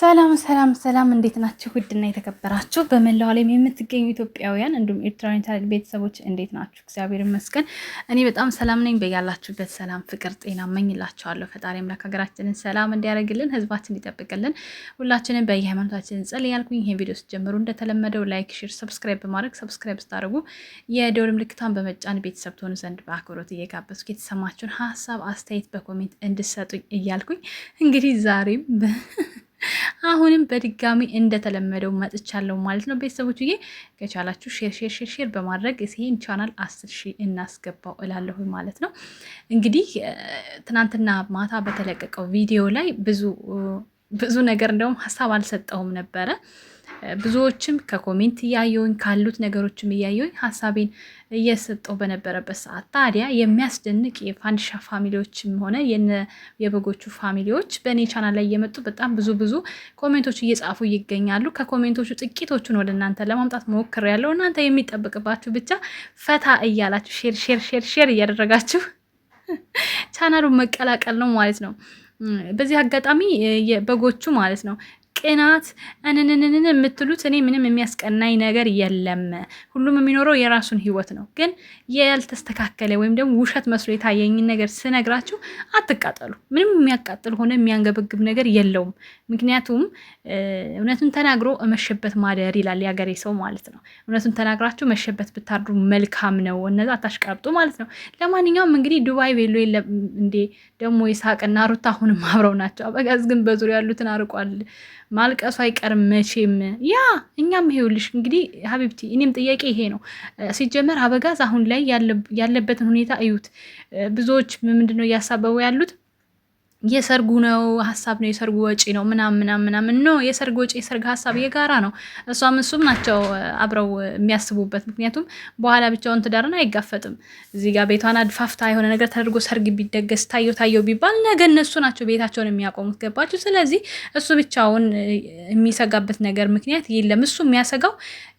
ሰላም ሰላም ሰላም፣ እንዴት ናችሁ? ውድና የተከበራችሁ በመላው ዓለም የምትገኙ ኢትዮጵያውያን እንዲሁም ኤርትራውያን ታሪክ ቤተሰቦች እንዴት ናችሁ? እግዚአብሔር ይመስገን እኔ በጣም ሰላም ነኝ። በያላችሁበት ሰላም፣ ፍቅር፣ ጤና መኝላችኋለሁ። ፈጣሪ አምላክ ሀገራችንን ሰላም እንዲያደርግልን፣ ህዝባችን እንዲጠብቅልን፣ ሁላችንን በየሃይማኖታችን ጸል ያልኩኝ ይህን ቪዲዮ ስትጀምሩ እንደተለመደው ላይክ፣ ሼር፣ ሰብስክራይብ በማድረግ ሰብስክራይብ ስታደርጉ የደወል ምልክቷን በመጫን ቤተሰብ ትሆኑ ዘንድ በአክብሮት እየጋበዝኩ የተሰማችሁን ሀሳብ አስተያየት በኮሜንት እንድሰጡኝ እያልኩኝ እንግዲህ ዛሬም አሁንም በድጋሚ እንደተለመደው መጥቻለሁ ማለት ነው ቤተሰቦችዬ። ከቻላችሁ ሼር ሼር ሼር ሼር በማድረግ ይህን ቻናል አስር ሺህ እናስገባው እላለሁ ማለት ነው። እንግዲህ ትናንትና ማታ በተለቀቀው ቪዲዮ ላይ ብዙ ብዙ ነገር እንደውም ሀሳብ አልሰጠውም ነበረ ብዙዎችም ከኮሜንት እያየውኝ ካሉት ነገሮችም እያየውኝ ሀሳቤን እየሰጠው በነበረበት ሰዓት ታዲያ የሚያስደንቅ የፋንዲሻ ፋሚሊዎችም ሆነ የበጎቹ ፋሚሊዎች በእኔ ቻናል ላይ እየመጡ በጣም ብዙ ብዙ ኮሜንቶች እየጻፉ ይገኛሉ። ከኮሜንቶቹ ጥቂቶቹን ወደ እናንተ ለማምጣት ሞክሬያለሁ። እናንተ የሚጠበቅባችሁ ብቻ ፈታ እያላችሁ ሼር ሼር ሼር ሼር እያደረጋችሁ ቻናሉን መቀላቀል ነው ማለት ነው። በዚህ አጋጣሚ በጎቹ ማለት ነው ቅናት እንንንን የምትሉት እኔ ምንም የሚያስቀናኝ ነገር የለም። ሁሉም የሚኖረው የራሱን ህይወት ነው። ግን ያልተስተካከለ ወይም ደግሞ ውሸት መስሎ የታየኝን ነገር ስነግራችሁ አትቃጠሉ። ምንም የሚያቃጥል ሆነ የሚያንገበግብ ነገር የለውም። ምክንያቱም እውነቱን ተናግሮ መሸበት ማደር ይላል ያገሬ ሰው ማለት ነው። እውነቱን ተናግራችሁ መሸበት ብታድሩ መልካም ነው። እነዛ አታሽቃብጡ ማለት ነው። ለማንኛውም እንግዲህ ዱባይ ቤሎ የለም እንዴ ደግሞ ይሳቅና ሩታ አሁንም አብረው ናቸው። አበጋዝ ግን በዙሪያ ያሉትን አርቋል። ማልቀሱ አይቀርም መቼም። ያ እኛም ይሄውልሽ እንግዲህ ሀቢብቲ፣ እኔም ጥያቄ ይሄ ነው ሲጀመር። አበጋዝ አሁን ላይ ያለበትን ሁኔታ እዩት። ብዙዎች ምንድነው እያሳበቡ ያሉት? የሰርጉ ነው ሀሳብ ነው የሰርጉ ወጪ ነው ምናም ምናም ምናምን ኖ የሰርግ ወጪ የሰርግ ሀሳብ የጋራ ነው። እሷም እሱም ናቸው አብረው የሚያስቡበት። ምክንያቱም በኋላ ብቻውን ትዳርን አይጋፈጥም። እዚህ ጋር ቤቷን አድፋፍታ የሆነ ነገር ተደርጎ ሰርግ ቢደገስ ታየው ታየው ቢባል ነገ እነሱ ናቸው ቤታቸውን የሚያቆሙት። ገባችሁ? ስለዚህ እሱ ብቻውን የሚሰጋበት ነገር ምክንያት የለም። እሱ የሚያሰጋው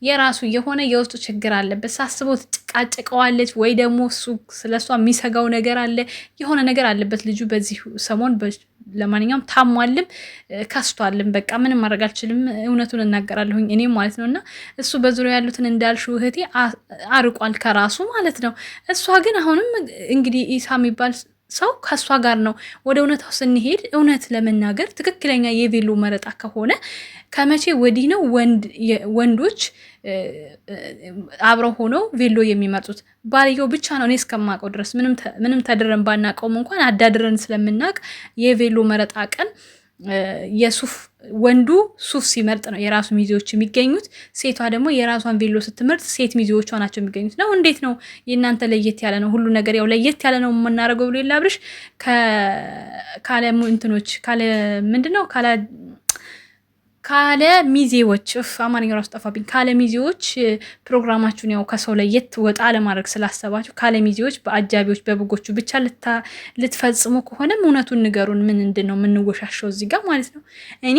የራሱ የሆነ የውስጡ ችግር አለበት። ሳስበው ትጭቃጭቀዋለች ወይ ደግሞ እሱ ስለሷ የሚሰጋው ነገር አለ። የሆነ ነገር አለበት ልጁ በዚህ ሰሞን አሁን ለማንኛውም ታሟልም ከስቷልም። በቃ ምንም ማድረግ አልችልም። እውነቱን እናገራለሁኝ እኔም ማለት ነው። እና እሱ በዙሪያ ያሉትን እንዳልሹ እህቴ አርቋል ከራሱ ማለት ነው። እሷ ግን አሁንም እንግዲህ ኢሳ የሚባል ሰው ከእሷ ጋር ነው። ወደ እውነታው ስንሄድ እውነት ለመናገር ትክክለኛ የቬሎ መረጣ ከሆነ ከመቼ ወዲህ ነው ወንዶች አብረው ሆነው ቬሎ የሚመርጡት? ባልየው ብቻ ነው እኔ እስከማውቀው ድረስ ምንም ተድረን ባናውቀውም እንኳን አዳድረን ስለምናውቅ የቬሎ መረጣ ቀን የሱፍ ወንዱ ሱፍ ሲመርጥ ነው የራሱ ሚዜዎች የሚገኙት። ሴቷ ደግሞ የራሷን ቬሎ ስትመርጥ ሴት ሚዜዎቿ ናቸው የሚገኙት ነው። እንዴት ነው የእናንተ ለየት ያለ ነው? ሁሉ ነገር ያው ለየት ያለ ነው የምናደርገው ብሎ የላብርሽ ካለ እንትኖች ካለ ምንድን ነው ካለ ካለ ሚዜዎች እፍ አማርኛ ራሱ ጠፋብኝ። ካለ ሚዜዎች ፕሮግራማችሁን ያው ከሰው ለየት ወጣ ለማድረግ ስላሰባችሁ ካለ ሚዜዎች በአጃቢዎች በበጎቹ ብቻ ልትፈጽሙ ከሆነም እውነቱን ንገሩን። ምን እንድን ነው የምንወሻሸው እዚህ ጋር ማለት ነው እኔ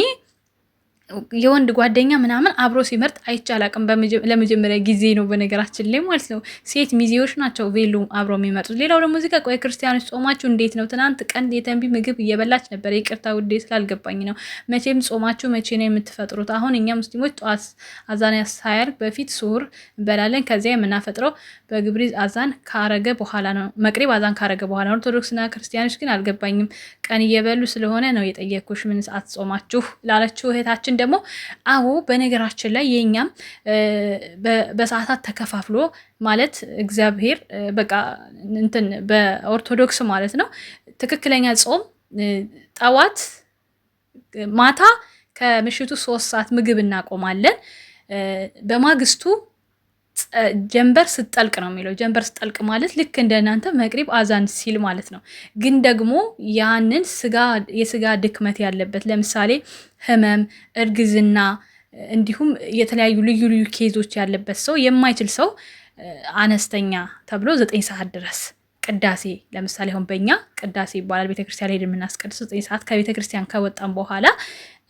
የወንድ ጓደኛ ምናምን አብሮ ሲመርጥ አይቻላቅም። ለመጀመሪያ ጊዜ ነው በነገራችን ላይ ማለት ነው። ሴት ሚዜዎች ናቸው ቬሎ አብሮ የሚመጡት። ሌላው ደግሞ እዚህ ቆይ ክርስቲያኖች ጾማችሁ እንዴት ነው? ትናንት ቀንድ የተንቢ ምግብ እየበላች ነበር። ይቅርታ ውዴ ስላልገባኝ ነው። መቼም ጾማችሁ መቼ ነው የምትፈጥሩት? አሁን እኛ ሙስሊሞች ጠዋት አዛን ያሳያል በፊት ሱር እንበላለን። ከዚያ የምናፈጥረው በግብሪ አዛን ካረገ በኋላ ነው፣ መቅሪብ አዛን ካረገ በኋላ። ኦርቶዶክስና ክርስቲያኖች ግን አልገባኝም። ቀን እየበሉ ስለሆነ ነው የጠየኩሽ። ምን ሰዓት ጾማችሁ ላለችው እህታችን ደግሞ አዎ፣ በነገራችን ላይ የኛም በሰዓታት ተከፋፍሎ ማለት እግዚአብሔር በቃ እንትን በኦርቶዶክስ ማለት ነው ትክክለኛ ጾም ጠዋት ማታ ከምሽቱ ሶስት ሰዓት ምግብ እናቆማለን። በማግስቱ ጀንበር ስትጠልቅ ነው የሚለው። ጀንበር ስትጠልቅ ማለት ልክ እንደናንተ መቅሪብ አዛን ሲል ማለት ነው። ግን ደግሞ ያንን ስጋ የስጋ ድክመት ያለበት ለምሳሌ ህመም፣ እርግዝና እንዲሁም የተለያዩ ልዩ ልዩ ኬዞች ያለበት ሰው የማይችል ሰው አነስተኛ ተብሎ ዘጠኝ ሰዓት ድረስ ቅዳሴ ለምሳሌ አሁን በእኛ ቅዳሴ ይባላል። ቤተክርስቲያን ሄድ የምናስቀድሰው ዘጠኝ ሰዓት ከቤተክርስቲያን ከወጣን በኋላ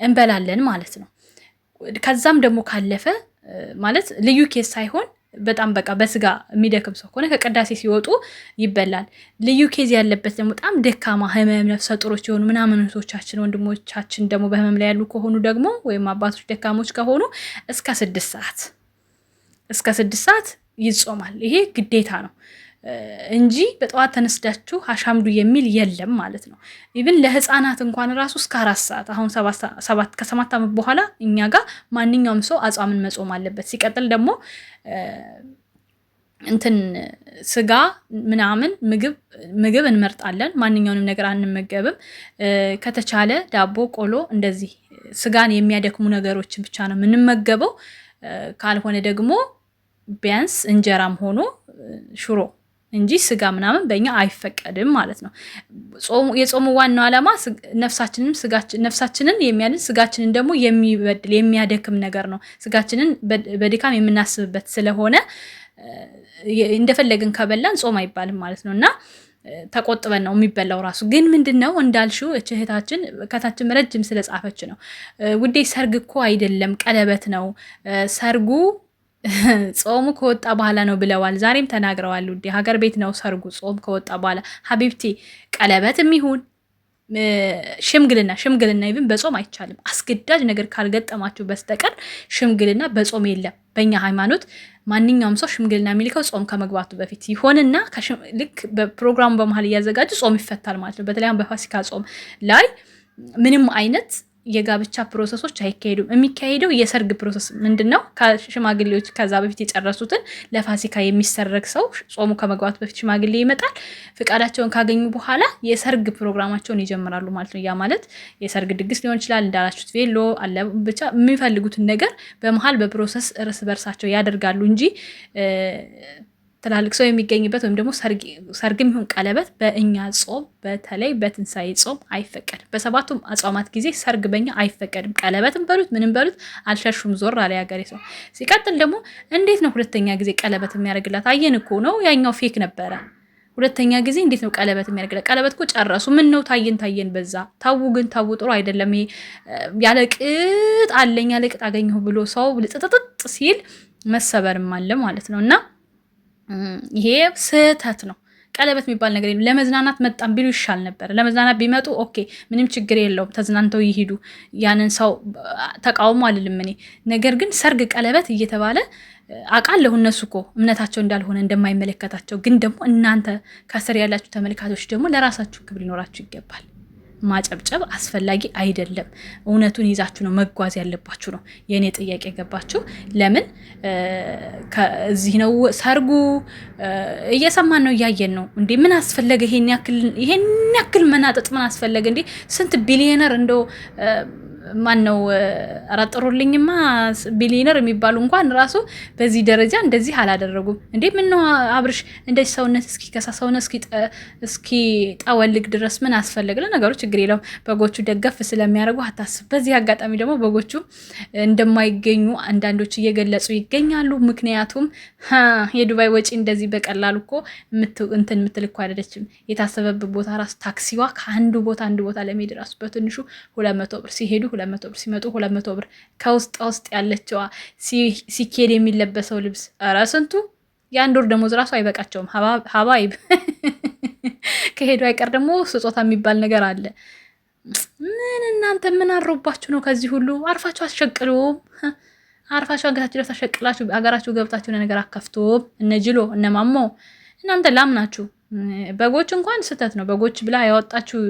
እንበላለን ማለት ነው። ከዛም ደግሞ ካለፈ ማለት ልዩ ኬስ ሳይሆን በጣም በቃ በስጋ የሚደክም ሰው ከሆነ ከቅዳሴ ሲወጡ ይበላል። ልዩ ኬዝ ያለበት ደግሞ በጣም ደካማ ህመም፣ ነፍሰ ጡሮች የሆኑ ምናምን ወንድሞቻችን ደግሞ በህመም ላይ ያሉ ከሆኑ ደግሞ ወይም አባቶች ደካሞች ከሆኑ እስከ ስድስት ሰዓት እስከ ስድስት ሰዓት ይጾማል። ይሄ ግዴታ ነው። እንጂ በጠዋት ተነስዳችሁ አሻምዱ የሚል የለም ማለት ነው። ኢቭን ለህፃናት እንኳን ራሱ እስከ አራት ሰዓት አሁን ከሰባት ዓመት በኋላ እኛ ጋር ማንኛውም ሰው አጽዋምን መጾም አለበት። ሲቀጥል ደግሞ እንትን ስጋ ምናምን ምግብ እንመርጣለን። ማንኛውንም ነገር አንመገብም። ከተቻለ ዳቦ፣ ቆሎ እንደዚህ ስጋን የሚያደክሙ ነገሮችን ብቻ ነው የምንመገበው። ካልሆነ ደግሞ ቢያንስ እንጀራም ሆኖ ሽሮ እንጂ ስጋ ምናምን በእኛ አይፈቀድም ማለት ነው። የጾሙ ዋናው ዓላማ ነፍሳችንን ነፍሳችንን የሚያድን ስጋችንን ደግሞ የሚበድል የሚያደክም ነገር ነው። ስጋችንን በድካም የምናስብበት ስለሆነ እንደፈለግን ከበላን ጾም አይባልም ማለት ነው እና ተቆጥበን ነው የሚበላው። ራሱ ግን ምንድን ነው እንዳልሽው እህታችን ከታችን ረጅም ስለጻፈች ነው ውዴ፣ ሰርግ እኮ አይደለም ቀለበት ነው ሰርጉ ጾሙ ከወጣ በኋላ ነው ብለዋል። ዛሬም ተናግረዋል። ውዴ ሀገር ቤት ነው ሰርጉ። ጾም ከወጣ በኋላ ሀቢብቲ ቀለበት የሚሆን ሽምግልና ሽምግልና ይብን በጾም አይቻልም። አስገዳጅ ነገር ካልገጠማችሁ በስተቀር ሽምግልና በጾም የለም። በእኛ ሃይማኖት ማንኛውም ሰው ሽምግልና የሚልከው ጾም ከመግባቱ በፊት ይሆንና ልክ በፕሮግራሙ በመሀል እያዘጋጁ ጾም ይፈታል ማለት ነው። በተለይም በፋሲካ ጾም ላይ ምንም አይነት የጋብቻ ፕሮሰሶች አይካሄዱም። የሚካሄደው የሰርግ ፕሮሰስ ምንድን ነው? ሽማግሌዎች ከዛ በፊት የጨረሱትን ለፋሲካ የሚሰረግ ሰው ጾሙ ከመግባት በፊት ሽማግሌ ይመጣል። ፍቃዳቸውን ካገኙ በኋላ የሰርግ ፕሮግራማቸውን ይጀምራሉ ማለት ነው። ያ ማለት የሰርግ ድግስ ሊሆን ይችላል፣ እንዳላችሁት ቬሎ አለ፣ ብቻ የሚፈልጉትን ነገር በመሀል በፕሮሰስ እርስ በርሳቸው ያደርጋሉ እንጂ ትላልቅ ሰው የሚገኝበት ወይም ደግሞ ሰርግም ይሁን ቀለበት በእኛ ጾም በተለይ በትንሳኤ ጾም አይፈቀድም። በሰባቱም አጽዋማት ጊዜ ሰርግ በኛ አይፈቀድም። ቀለበትም በሉት ምንም በሉት አልሸሹም። ዞር አለ ያገሬ ሰው። ሲቀጥል ደግሞ እንዴት ነው ሁለተኛ ጊዜ ቀለበት የሚያደርግላት? አየን እኮ ነው ያኛው ፌክ ነበረ። ሁለተኛ ጊዜ እንዴት ነው ቀለበት የሚያደርግላት? ቀለበት እኮ ጨረሱ። ምን ነው ታየን ታየን በዛ ታው ግን ታው ጥሩ አይደለም። ያለ ቅጥ አለኝ ያለ ቅጥ አገኘሁ ብሎ ሰው ልጥጥጥጥ ሲል መሰበርም አለ ማለት ነው እና ይሄ ስህተት ነው። ቀለበት የሚባል ነገር የለም። ለመዝናናት መጣም ቢሉ ይሻል ነበር። ለመዝናናት ቢመጡ ኦኬ፣ ምንም ችግር የለውም። ተዝናንተው ይሄዱ። ያንን ሰው ተቃውሞ አልልም እኔ። ነገር ግን ሰርግ፣ ቀለበት እየተባለ አውቃለሁ እነሱ እኮ እምነታቸው እንዳልሆነ እንደማይመለከታቸው፣ ግን ደግሞ እናንተ ከስር ያላችሁ ተመልካቾች ደግሞ ለራሳችሁ ክብር ሊኖራችሁ ይገባል። ማጨብጨብ አስፈላጊ አይደለም። እውነቱን ይዛችሁ ነው መጓዝ ያለባችሁ ነው የእኔ ጥያቄ። ገባችሁ? ለምን ከዚህ ነው ሰርጉ? እየሰማን ነው እያየን ነው እንዴ። ምን አስፈለገ? ይሄን ያክል መናጠጥ ምን አስፈለገ እንዴ? ስንት ቢሊዮነር እንደው ማን ነው ረጥሩልኝማ ቢሊነር የሚባሉ እንኳን ራሱ በዚህ ደረጃ እንደዚህ አላደረጉም እንዴ። ነው አብርሽ እንደዚህ ሰውነት እስኪከሳ ሰውነት ጠወልግ ድረስ ምን አስፈለግ? ለነገሩ ችግር የለውም በጎቹ ደገፍ ስለሚያደርጉ አታስብ። በዚህ አጋጣሚ ደግሞ በጎቹ እንደማይገኙ አንዳንዶች እየገለጹ ይገኛሉ። ምክንያቱም የዱባይ ወጪ እንደዚህ በቀላሉ እኮ እንትን የምትል እኮ አይደለችም። የታሰበበት ቦታ ራሱ ታክሲዋ ከአንዱ ቦታ አንዱ ቦታ ለመሄድ ራሱ በትንሹ ሁለት መቶ ብር ሲሄዱ ሁለት መቶ ብር ሲመጡ ሁለት መቶ ብር ከውስጣ ውስጥ ያለችዋ ሲኬድ የሚለበሰው ልብስ ኧረ ስንቱ የአንድ ወር ደሞዝ ራሱ አይበቃቸውም። ሀባይብ ከሄዱ አይቀር ደግሞ ስጦታ የሚባል ነገር አለ። ምን እናንተ ምን አሮባችሁ ነው ከዚህ ሁሉ? አርፋችሁ አትሸቅሉም? አርፋችሁ ሀገራችሁ ደስ አሸቅላችሁ ሀገራችሁ ገብታችሁ ነገር አከፍቶም እነ ጅሎ እነ ማሞ እናንተ ላም ናችሁ። በጎች እንኳን ስህተት ነው። በጎች ብላ ያወጣችሁ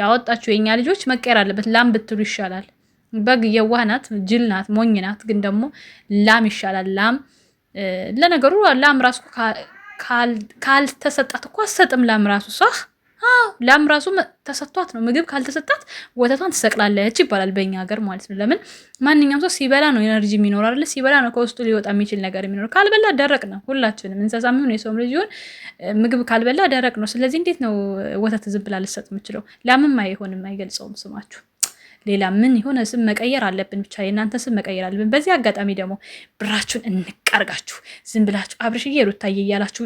ያወጣችሁ የኛ ልጆች መቀየር አለበት። ላም ብትሉ ይሻላል። በግ የዋህ ናት፣ ጅል ናት፣ ሞኝ ናት። ግን ደግሞ ላም ይሻላል። ላም ለነገሩ ላም ራሱ ካልተሰጣት እኮ አትሰጥም። ላም ራሱ ሳህ ላም ራሱ ተሰጥቷት ነው። ምግብ ካልተሰጣት ወተቷን ትሰቅላለች ይባላል በእኛ ሀገር ማለት ነው። ለምን ማንኛውም ሰው ሲበላ ነው ኤነርጂ የሚኖር አለ። ሲበላ ነው ከውስጡ ሊወጣ የሚችል ነገር የሚኖር። ካልበላ ደረቅ ነው። ሁላችንም እንስሳም የሚሆን የሰውም ልጅ ሆን ምግብ ካልበላ ደረቅ ነው። ስለዚህ እንዴት ነው ወተት ዝም ብላ ልሰጥ የምችለው? ላምም አይሆንም፣ አይገልጸውም ስማችሁ ሌላ ምን የሆነ ስም መቀየር አለብን። ብቻ የእናንተ ስም መቀየር አለብን። በዚህ አጋጣሚ ደግሞ ብራችሁን እንቀርጋችሁ ዝም ብላችሁ አብርሽዬ ሩታዬ እያላችሁ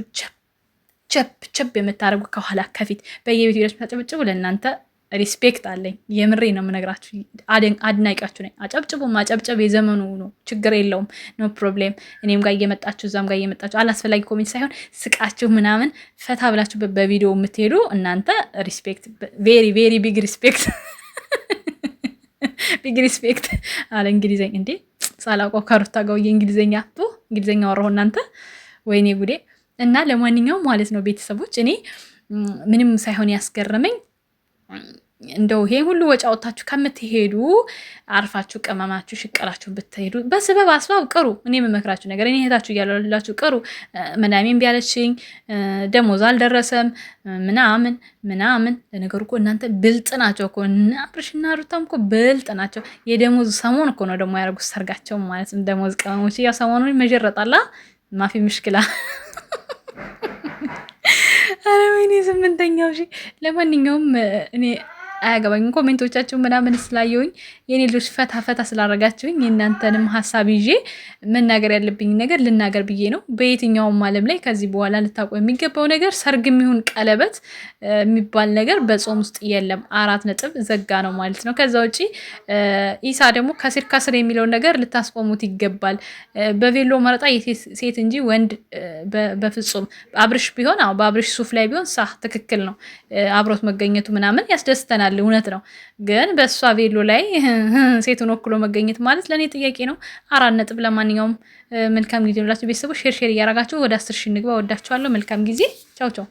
ቸብ ቸብ የምታደርጉ ከኋላ ከፊት በየቤት ሄዳችሁ ታጨበጭቡ፣ ለእናንተ ሪስፔክት አለኝ። የምሬ ነው የምነግራችሁ፣ አድናቂያችሁ ነኝ። አጨብጭቡ፣ ማጨብጨብ የዘመኑ ነው፣ ችግር የለውም። ኖ ፕሮብሌም። እኔም ጋር እየመጣችሁ እዛም ጋር እየመጣችሁ አላስፈላጊ ኮሜንት ሳይሆን ስቃችሁ ምናምን ፈታ ብላችሁ በቪዲዮ የምትሄዱ እናንተ ሪስፔክት፣ ቬሪ ቬሪ ቢግ ሪስፔክት፣ ቢግ ሪስፔክት አለ እንግሊዘኛ እንዴ ሳላውቀው ከሩታ ጋር እንግሊዘኛ እንግሊዘኛ ወረሆ እናንተ፣ ወይኔ ጉዴ እና ለማንኛውም ማለት ነው ቤተሰቦች እኔ ምንም ሳይሆን ያስገረመኝ እንደው ይሄ ሁሉ ወጪ አውጥታችሁ ከምትሄዱ አርፋችሁ ቅመማችሁ ሽቀላችሁ ብትሄዱ በስበብ አስባብ ቅሩ። እኔ የምመክራችሁ ነገር እኔ እህታችሁ እያለላችሁ ቅሩ። መዳሜን ቢያለችኝ ደሞዝ አልደረሰም ምናምን ምናምን። ለነገሩ እኮ እናንተ ብልጥ ናቸው እኮ እና አብርሽና ሩታም እኮ ብልጥ ናቸው። የደሞዝ ሰሞን እኮ ነው ደግሞ ያደረጉት ሰርጋቸው ማለት ደሞዝ ቅመሞች። ያው ሰሞኑ መጀረጣላ ማፊ ምሽክላ አረ ወይኔ ስምንተኛው ሺ። ለማንኛውም እኔ አያገባኝም። ኮሜንቶቻችሁ ምናምን ስላየውኝ የኔ ልጆች ፈታ ፈታ ስላረጋችሁኝ የእናንተንም ሀሳብ ይዤ መናገር ያለብኝ ነገር ልናገር ብዬ ነው። በየትኛውም ዓለም ላይ ከዚህ በኋላ ልታውቁ የሚገባው ነገር ሰርግ የሚሆን ቀለበት የሚባል ነገር በጾም ውስጥ የለም። አራት ነጥብ ዘጋ ነው ማለት ነው። ከዛ ውጪ ኢሳ ደግሞ ከስር ከስር የሚለውን ነገር ልታስቆሙት ይገባል። በቬሎ መረጣ ሴት እንጂ ወንድ በፍጹም አብርሽ ቢሆን በአብርሽ ሱፍ ላይ ቢሆን ሳ ትክክል ነው። አብሮት መገኘቱ ምናምን ያስደስተናል። ይሆናል። እውነት ነው፣ ግን በእሷ ቬሎ ላይ ሴቱን ወክሎ መገኘት ማለት ለእኔ ጥያቄ ነው። አራት ነጥብ። ለማንኛውም መልካም ጊዜ ላችሁ ቤተሰቦች፣ ሼር ሼር እያረጋችሁ ወደ አስር ሺ ንግባ። ወዳችኋለሁ። መልካም ጊዜ። ቻው ቻው።